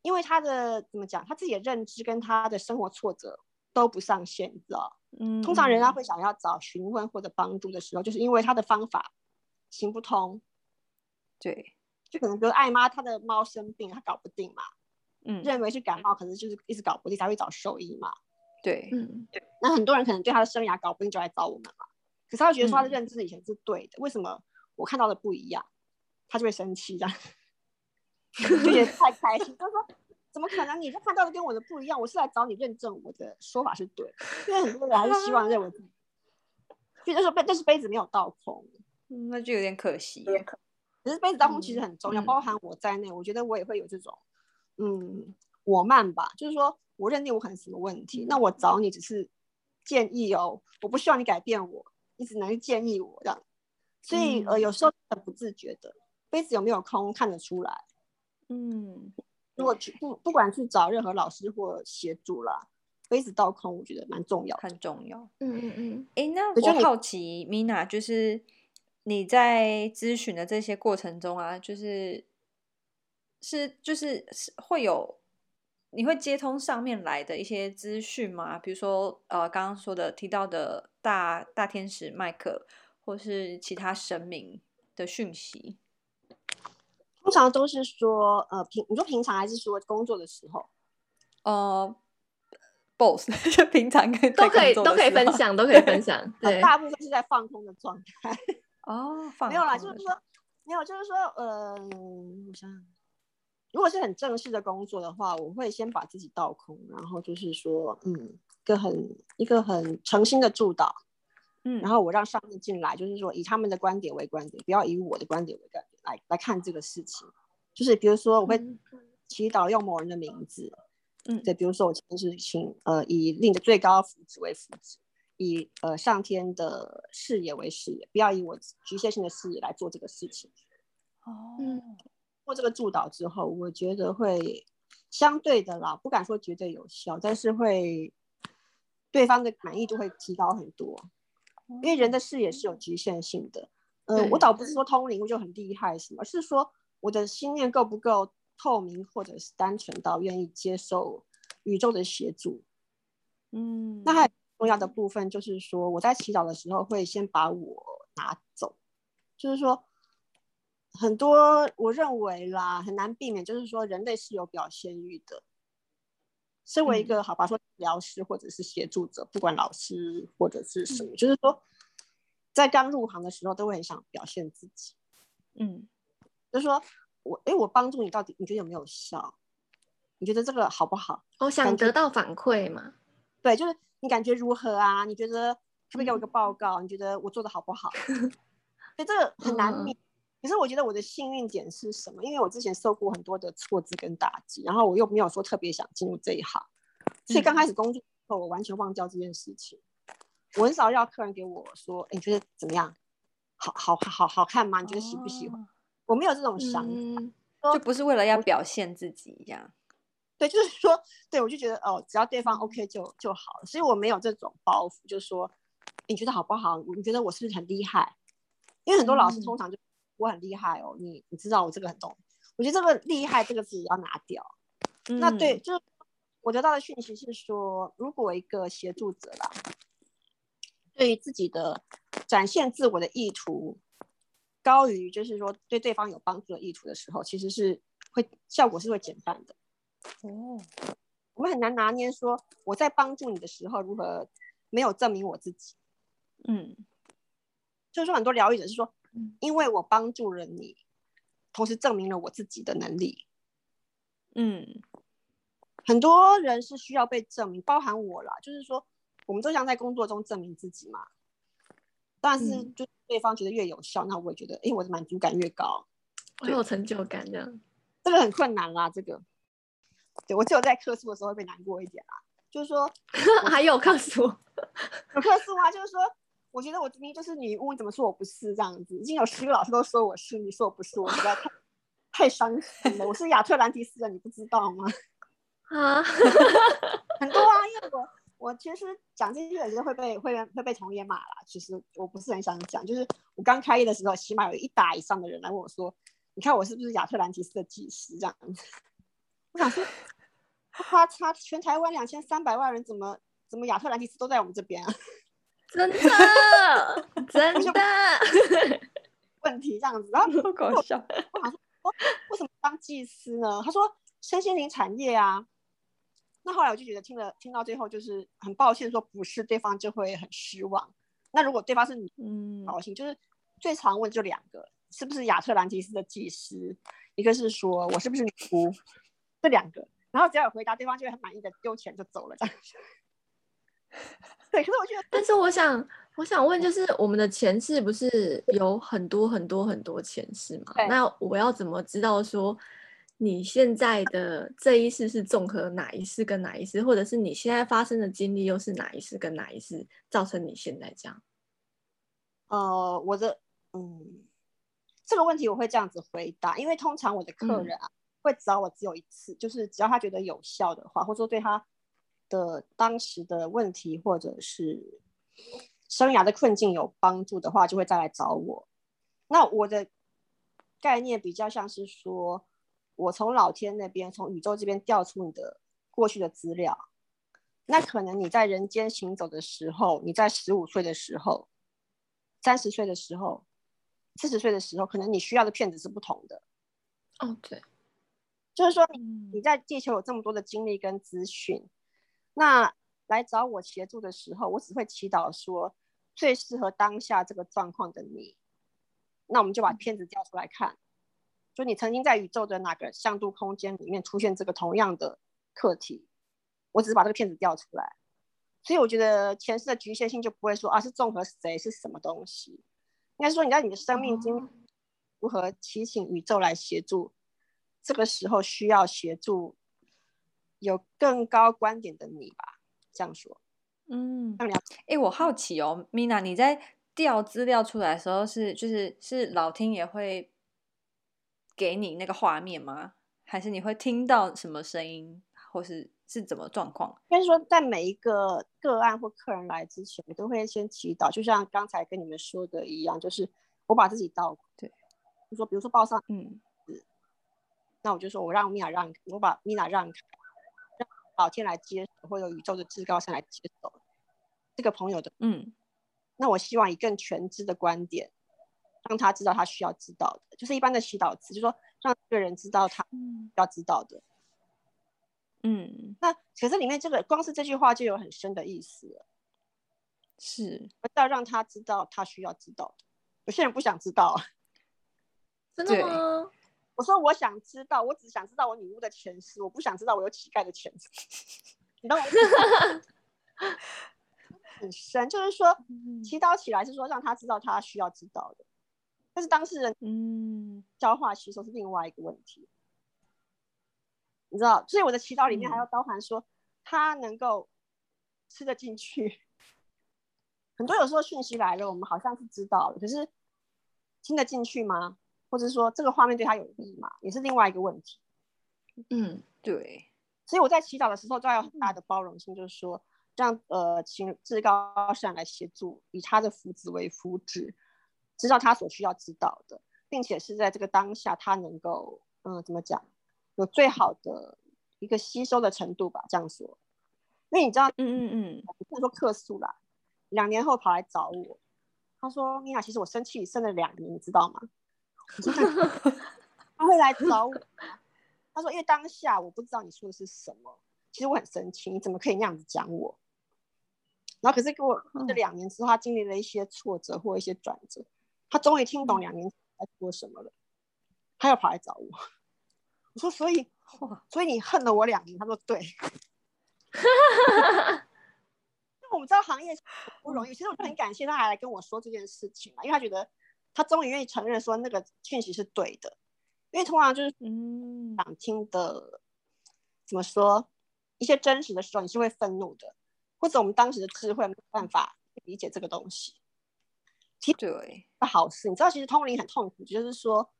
因為他的怎麼講，他自己的認知跟他的生活挫折都不上線，你知道。嗯，通常人家會想要找詢問或者幫助的時候，就是因為他的方法行不通。對，就可能比如愛媽，他的貓生病，他搞不定嘛。嗯，認為是感冒，可能就是一直搞不定，才會找獸醫嘛。對，嗯，對。那很多人可能對他的生涯搞不定，就來找我們嘛。可是他覺得說他的認知以前是對的、嗯，為什麼我看到的不一樣？他就會生氣，這樣 就也太開心。他 說：“怎麼可能？你是看到的跟我的不一樣。我是來找你認證我的說法是對。”因為很多人還是希望認為， 就，就是說杯但、就是杯子沒有倒空、嗯，那就有點可惜。對，可是杯子倒空其實很重要，嗯、包含我在內、嗯，我覺得我也會有這種，嗯，我慢吧，就是說我認定我很什麼問題、嗯，那我找你只是建議哦，我不希望你改變我，你只能建議我這樣。所以呃，有時候很不自覺的。杯子有沒有空看得出來？嗯，如果去不不管去找任何老師或協助啦，嗯、杯子倒空，我覺得蠻重要，很重要。嗯嗯嗯。哎、欸，那我就好奇，Mina，就是你在諮詢的這些過程中啊，就是是就是會有你會接通上面來的一些資訊嗎？比如說呃，剛剛說的提到的大大天使麥克或是其他神明的訊息。通常都是說，呃，平你說平常還是說工作的時候？呃 both 就平常可以都可以都可以分享，都可以分享。對，享對、啊，大部分是在放空的狀態。哦、oh，放空，沒有啦，就是說沒有，就是說，呃，我想想，如果是很正式的工作的話，我會先把自己倒空，然後就是說，嗯，一個很一個很誠心的助導，嗯，然後我讓上面進來，就是說以他們的觀點為觀點，不要以我的觀點為觀點。來來看這個事情，就是比如說我會祈禱用某人的名字，嗯，對，比如說我今天是請呃以另一個最高福祉為福祉，以呃上天的視野為視野，不要以我局限性的視野來做這個事情。哦、嗯，過這個助導之後，我覺得會相對的啦，不敢說絕對有效，但是會對方的滿意度會提高很多，嗯、因為人的視野是有局限性的。呃，我倒不是說通靈我就很厲害什麼，是說我的心念夠不夠透明，或者是單純到願意接受宇宙的協助。嗯，那還很重要的部分就是說，我在祈禱的時候會先把我拿走，就是說很多我認為啦很難避免，就是說人類是有表現欲的。身為一個、嗯、好吧說療師或者是協助者，不管老師或者是什麼，嗯、就是說。在剛入行的時候，都會很想表現自己。嗯，就是說，我哎、欸，我幫助你到底，你覺得有沒有效？你覺得這個好不好？我想得到反饋嘛？對，就是你感覺如何啊？你覺得是不是給我一個報告？嗯、你覺得我做的好不好？所 以這個很難免、嗯啊。可是我覺得我的幸運點是什麼？因為我之前受過很多的挫折跟打擊，然後我又沒有說特別想進入這一行，嗯、所以剛開始工作的時候我完全忘掉這件事情。我很少要客人給我說：“誒你覺得怎麼樣？好好好好,好看嗎？你覺得喜不喜歡？”哦、我沒有這種想法、嗯，就不是為了要表現自己這樣。對，就是說，對我就覺得哦，只要對方 OK 就就好。所以我沒有這種包袱，就是說你覺得好不好？你覺得我是不是很厲害？因為很多老師通常就說、嗯、我很厲害哦，你你知道我這個很懂。我覺得這個“厲害”這個字要拿掉、嗯。那對，就是我得到的訊息是說，如果一個協助者啦。對於自己的展現自我的意圖高於，就是說對對方有幫助的意圖的時候，其實是會效果是會減半的。哦、oh.，我們很難拿捏，說我在幫助你的時候，如何沒有證明我自己？嗯、mm.，就是說很多療癒者是說，因為我幫助了你，mm. 同時證明了我自己的能力。嗯、mm.，很多人是需要被證明，包含我了，就是說。我們都想在工作中證明自己嘛，但是就對方覺得越有效，嗯、那我也覺得，哎、欸，我的滿足感越高，我有成就感這樣。這個很困難啦、啊，這個。對，我只有在客訴的時候會被難過一點啦、啊，就是說我還有客訴，客訴啊，就是說，我覺得我明明就是女巫，我怎麼說我不是這樣子？已經有十個老師都說我是，你說我不是，我實在太傷心了。 我是亞特蘭蒂斯人，你不知道嗎？啊， 很多啊，因為我。我其實講這些，其實會被會員、會被同業罵啦。其實我不是很想講，就是我剛開業的時候，起碼有一打以上的人來問我說：“你看我是不是亞特蘭蒂斯的祭司？”這樣子，我想說，他他全台灣兩千三百萬人，怎麼怎麼亞特蘭蒂斯都在我們這邊啊？真的真的？問題這樣子，然後好搞笑。我想說，我怎麼當祭司呢？他說，身心靈產業啊。那後來我就覺得聽了聽到最後就是很抱歉說不是，對方就會很失望。那如果對方是你，嗯，高興就是最常問就兩個，是不是亞特蘭提斯的祭司？一個是說我是不是女巫？ 這兩個，然後只要有回答，對方就會很滿意的丟錢就走了。這樣子對，可是我覺得，但是我想 我想問就是我們的前世不是有很多很多很多前世嗎？那我要怎麼知道說？你現在的這一世是綜合哪一世跟哪一世，或者是你現在發生的經歷又是哪一世跟哪一世，造成你現在這樣？呃，我的，嗯，這個問題我會這樣子回答，因為通常我的客人啊會找我只有一次，嗯，就是只要他覺得有效的話，或者說對他的當時的問題或者是生涯的困境有幫助的話，就會再來找我。那我的概念比較像是說，我從老天那邊，從宇宙這邊調出你的過去的資料。那可能你在人間行走的時候，你在十五歲的時候，三十歲的時候，四十歲的時候，可能你需要的片子是不同的。哦，對，就是說，你你在地球有這麼多的經歷跟資訊，那來找我協助的時候，我只會祈禱說最適合當下這個狀況的你。那我們就把片子調出來看。就你曾經在宇宙的哪個相度空間裡面出現這個同樣的課題，我只是把這個片子調出來，所以我覺得前世的局限性就不會說，啊是綜合誰是什麼東西，應該是說你在你的生命中如何提醒宇宙來協助，哦，這個時候需要協助有更高觀點的你吧，這樣說。嗯，哎、欸，我好奇哦，Mina，你在調資料出來的時候是就是是老天也會。給你那個畫面嗎？還是你會聽到什麼聲音，或是是怎麼狀況？所以說，在每一個個案或客人來之前，我都會先祈禱。就像剛才跟你們說的一樣，就是我把自己倒，對，就說，比如說報上，嗯，那我就說我讓 Mina 讓開，我把 Mina 讓開，讓老天來接或者宇宙的至高神來接手這個朋友的朋友，嗯，那我希望以更全知的觀點。讓他知道他需要知道的，就是一般的祈禱詞，就是、說讓這個人知道他要知道的。嗯，那可是裡面這個光是這句話就有很深的意思，是我要讓他知道他需要知道的。有些人不想知道， 真的嗎？我說我想知道，我只想知道我女巫的前世，我不想知道我有乞丐的前世。 你懂道嗎？ 很深，就是說 祈禱起來是說讓他知道他需要知道的。但是當事人嗯消化吸收是另外一個問題，你知道，所以我的祈禱裡面還要包含說他能夠吃得進去。很多有時候訊息來了，我們好像是知道了，可是聽得進去嗎？或者說這個畫面對他有意義嗎？也是另外一個問題。嗯，對。所以我在祈禱的時候都要有很大的包容性，就是說讓呃請至高上來協助，以他的福祉為福祉。知道他所需要知道的，並且是在這個當下，他能夠嗯，怎麼講，有最好的一個吸收的程度吧，這樣說。那你知道，嗯嗯嗯，或說客訴啦，兩年後跑來找我，他說：“米娜、啊，其實我生氣生了兩年，你知道嗎？” 他會來找我，他說：“因為當下我不知道你說的是什麼，其實我很生氣，你怎麼可以那樣子講我？”然後可是給我這兩年之後，他經歷了一些挫折或一些轉折。他終於聽懂兩年前在說什麼了，他又跑來找我。我說：“所以，所以你恨了我兩年。”他說：“對。”哈，那我們知道行業不容易，其實我就很感謝他還來跟我說這件事情嘛，因為他覺得他終於願意承認說那個訊息是對的。因為通常就是嗯，想聽的、嗯、怎麼說一些真實的時候，你是會憤怒的，或者我們當時的智慧沒有辦法理解這個東西。對，好事，你知道其實通靈很痛苦，就是說，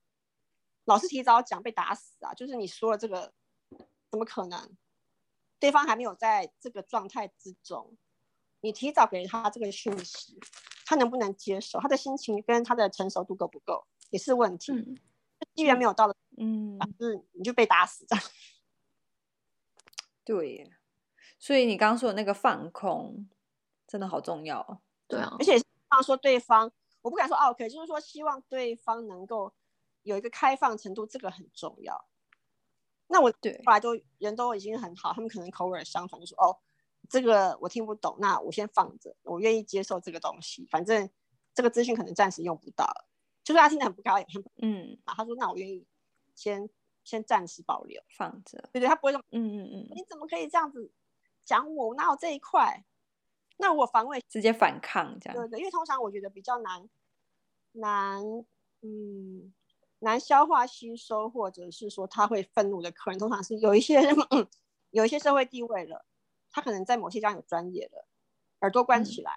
老師提早講被打死啊，就是你說了這個，怎麼可能？對方還沒有在這個狀態之中，你提早給他這個訊息，他能不能接受？他的心情跟他的成熟度夠不夠也是問題，嗯。既然沒有到了，嗯，你就被打死，嗯，這樣。對，所以你剛剛說的那個放空真的好重要。對啊，對而且。說對方，我不敢說哦，可就是說，希望對方能夠有一個開放程度，這個很重要。那我對後來都人都已經很好，他們可能口耳相傳就說哦，這個我聽不懂，那我先放着，我願意接受這個東西，反正這個資訊可能暫時用不到。就是他聽得很不高興，嗯，他說，那我願意先先暫時保留，放着。對對，他不會說，嗯嗯嗯，你怎麼可以這樣子講我？我哪有這一塊？那我防衛直接反抗這樣，對對，因為通常我覺得比較難難，嗯，難消化吸收，或者是說他會憤怒的客人，通常是有一些 有一些社會地位了，他可能在某些家有專業的耳朵關起來，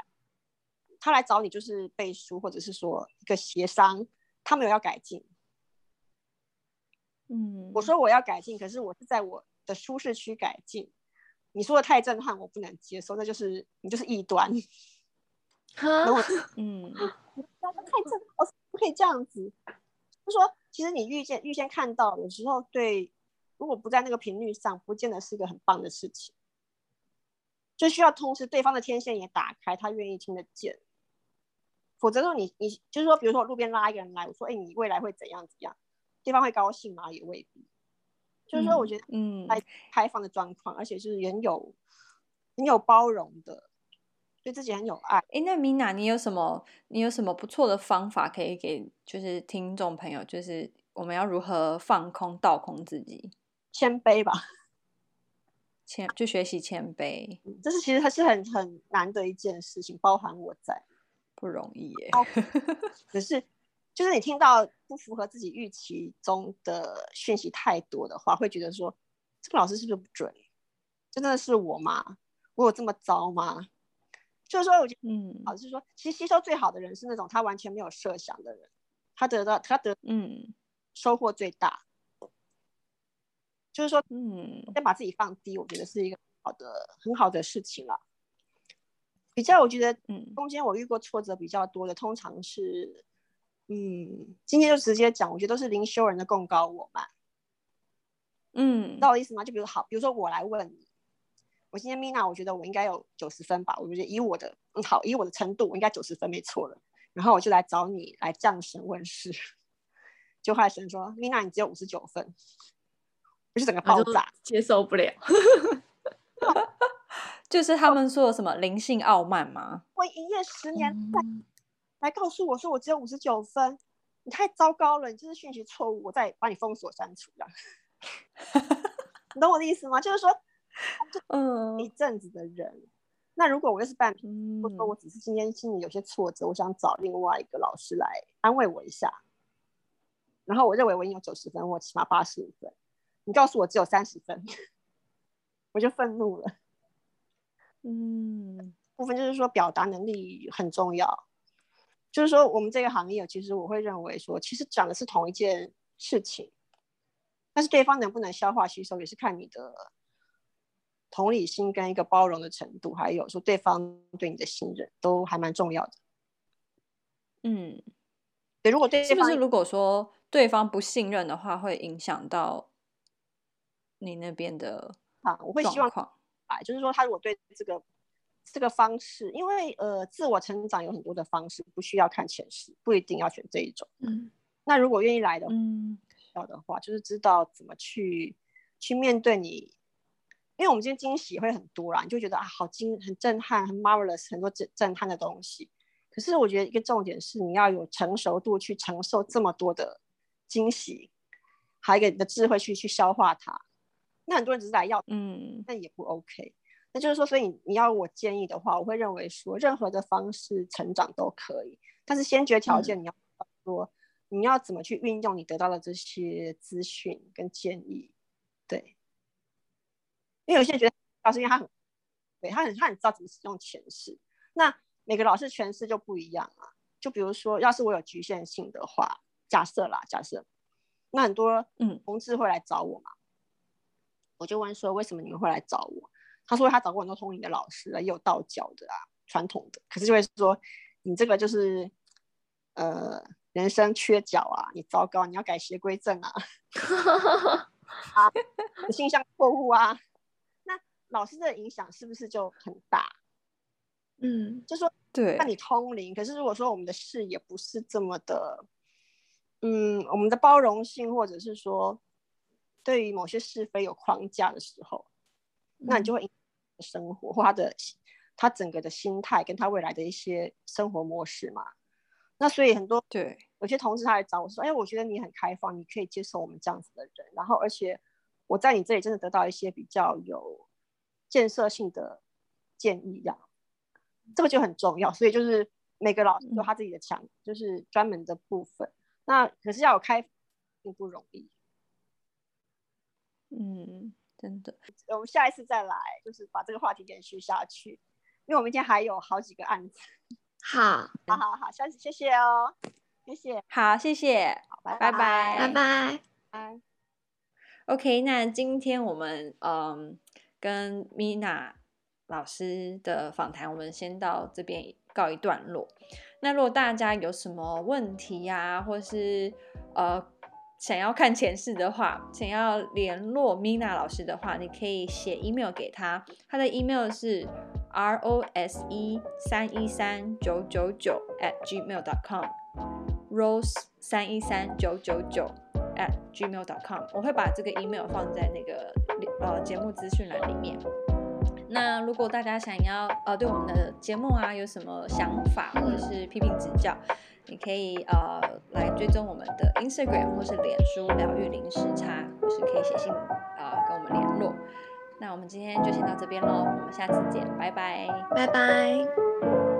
嗯，他來找你就是背書，或者是說一個協商，他沒有要改進。嗯，我說我要改進，可是我是在我的舒適區改進。你說的太震撼，我不能接受，那就是你就是異端。 然後，嗯， 太震撼，我不可以這樣子。就說，其實你預見、預先看到，有時候對，如果不在那個頻率上，不見得是一個很棒的事情。就需要同時對方的天線也打開，他願意聽得見。否則說你，你你就是說，比如說我路邊拉一個人來，我說，哎，你未來會怎樣怎樣？對方會高興嗎、啊？也未必。就是說，我覺得嗯，開放的狀況，嗯嗯、而且就是很有、嗯、很有包容的，對自己很有愛。哎、欸，那 Mina，你有什麼？你有什麼不錯的方法可以給？就是聽眾朋友，就是我們要如何放空、倒空自己？謙卑吧，謙就學習謙卑。但、嗯、是其實它是很很難的一件事情，包含我在，不容易耶。可、哦、 是。就是你聽到不符合自己預期中的訊息太多的話，會覺得說，這個老師是不是不準？真的是我嗎？我有這麼糟嗎？就是說，我覺得嗯，老師說，其實吸收最好的人是那種他完全沒有設想的人，他得到他得嗯收穫最大、嗯。就是說，嗯，先把自己放低，我覺得是一個好的很好的事情啦。比較，我覺得嗯，中間我遇過挫折比較多的，通常是。嗯，今天就直接講，我覺得都是靈修人的更高我吧。嗯，知道我的意思嗎？就比如好，比如說我來問你，我今天米娜，我覺得我應該有九十分吧。我覺得以我的好，以我的程度，我應該九十分沒錯了。然後我就來找你來降神問事。就化神說，米娜，你只有五十九分，我就整個爆炸，接受不了。 就是他們說的什麼靈性傲慢嗎？我營業十年了。嗯。來告訴我說我只有五十九分，你太糟糕了，你就是訊息錯誤，我再把你封鎖刪除了。 你懂我的意思嗎？就是說，嗯， 一陣子的人，嗯。那如果我又是半瓶，或者說我只是今天心裡有些挫折，我想找另外一個老師來安慰我一下。然後我認為我已經有九十分，我起碼八十五分。你告訴我只有三十分， 我就憤怒了。嗯，部分就是說表達能力很重要。就是說，我們這個行業，其實我會認為說，其實講的是同一件事情，但是對方能不能消化吸收，也是看你的同理心跟一個包容的程度，還有說對方對你的信任，都還蠻重要的。嗯，對、欸。如果對，對方是不是如果說對方不信任的話，會影響到你那邊的啊？我會希望啊，就是說他如果對這個。這個方式，因為呃，自我成長有很多的方式，不需要看前世，不一定要選這一種。嗯，那如果願意來的，嗯、要的話，就是知道怎麼去去面對你，因為我們今天驚喜會很多啦，你就覺得啊，好驚，很震撼，很 marvelous，很多震震撼的東西。可是我覺得一個重點是，你要有成熟度去承受這麼多的驚喜，還有一個你的智慧去去消化它。那很多人只是來要，嗯，那也不 OK。那就是說，所以你要我建議的話，我會認為說任何的方式成長都可以，但是先決條件你要說、嗯、你要怎麼去運用你得到的這些資訊跟建議，對。因為有些人覺得老師因為他很，對，他很，他很知道怎麼使用詮釋，那每個老師詮釋就不一樣啊。就比如說，要是我有局限性的話，假設啦，假設，那很多嗯同事會來找我嘛、嗯，我就問說為什麼你們會來找我？他說：“他找過很多通靈的老師啊，也有道教的啊，傳統的，可是就會說你這個就是呃人生缺角啊，你糟糕，你要改邪歸正啊， 啊，性向錯誤啊。那老師的影響是不是就很大？嗯，就說對，讓你通靈。可是如果說我們的視野不是這麼的，嗯，我們的包容性，或者是說對於某些是非有框架的時候。”那你就會影響你生活，或他的他整個的心態跟他未來的一些生活模式嘛。那所以很多對有些同事他還找我說：“哎，我覺得你很開放，你可以接受我們這樣子的人。然後而且我在你這裡真的得到一些比較有建設性的建議呀，啊，這個就很重要。所以就是每個老師都有他自己的強、嗯，就是專門的部分。那可是要有開放並不容易，嗯。”真的，我們下一次再來，就是把這個話題延續下去，因為我們今天還有好幾個案子。好， 好好好，下次謝謝哦，謝謝，好謝謝，好，拜拜，拜拜，OK，那今天我們嗯跟 Mina 老師的訪談，我們先到這邊告一段落。那如果大家有什麼問題呀、啊，或是呃。想要看前世的話，想要聯絡 Mina 老師的話，你可以寫 email 給他，他的 email 是 rose 三一三九九九 at gmail dot com，rose 三一三九九九 at gmail dot com，我會把這個 email 放在那個呃、哦、節目資訊欄裡面。那如果大家想要呃對我們的節目啊有什麼想法或者是批評指教，嗯、你可以呃來追蹤我們的 Instagram 或是臉書療癒零時差，或是可以寫信啊、呃、跟我們聯絡。那我們今天就先到這邊咯，我們下次見，拜拜，拜拜。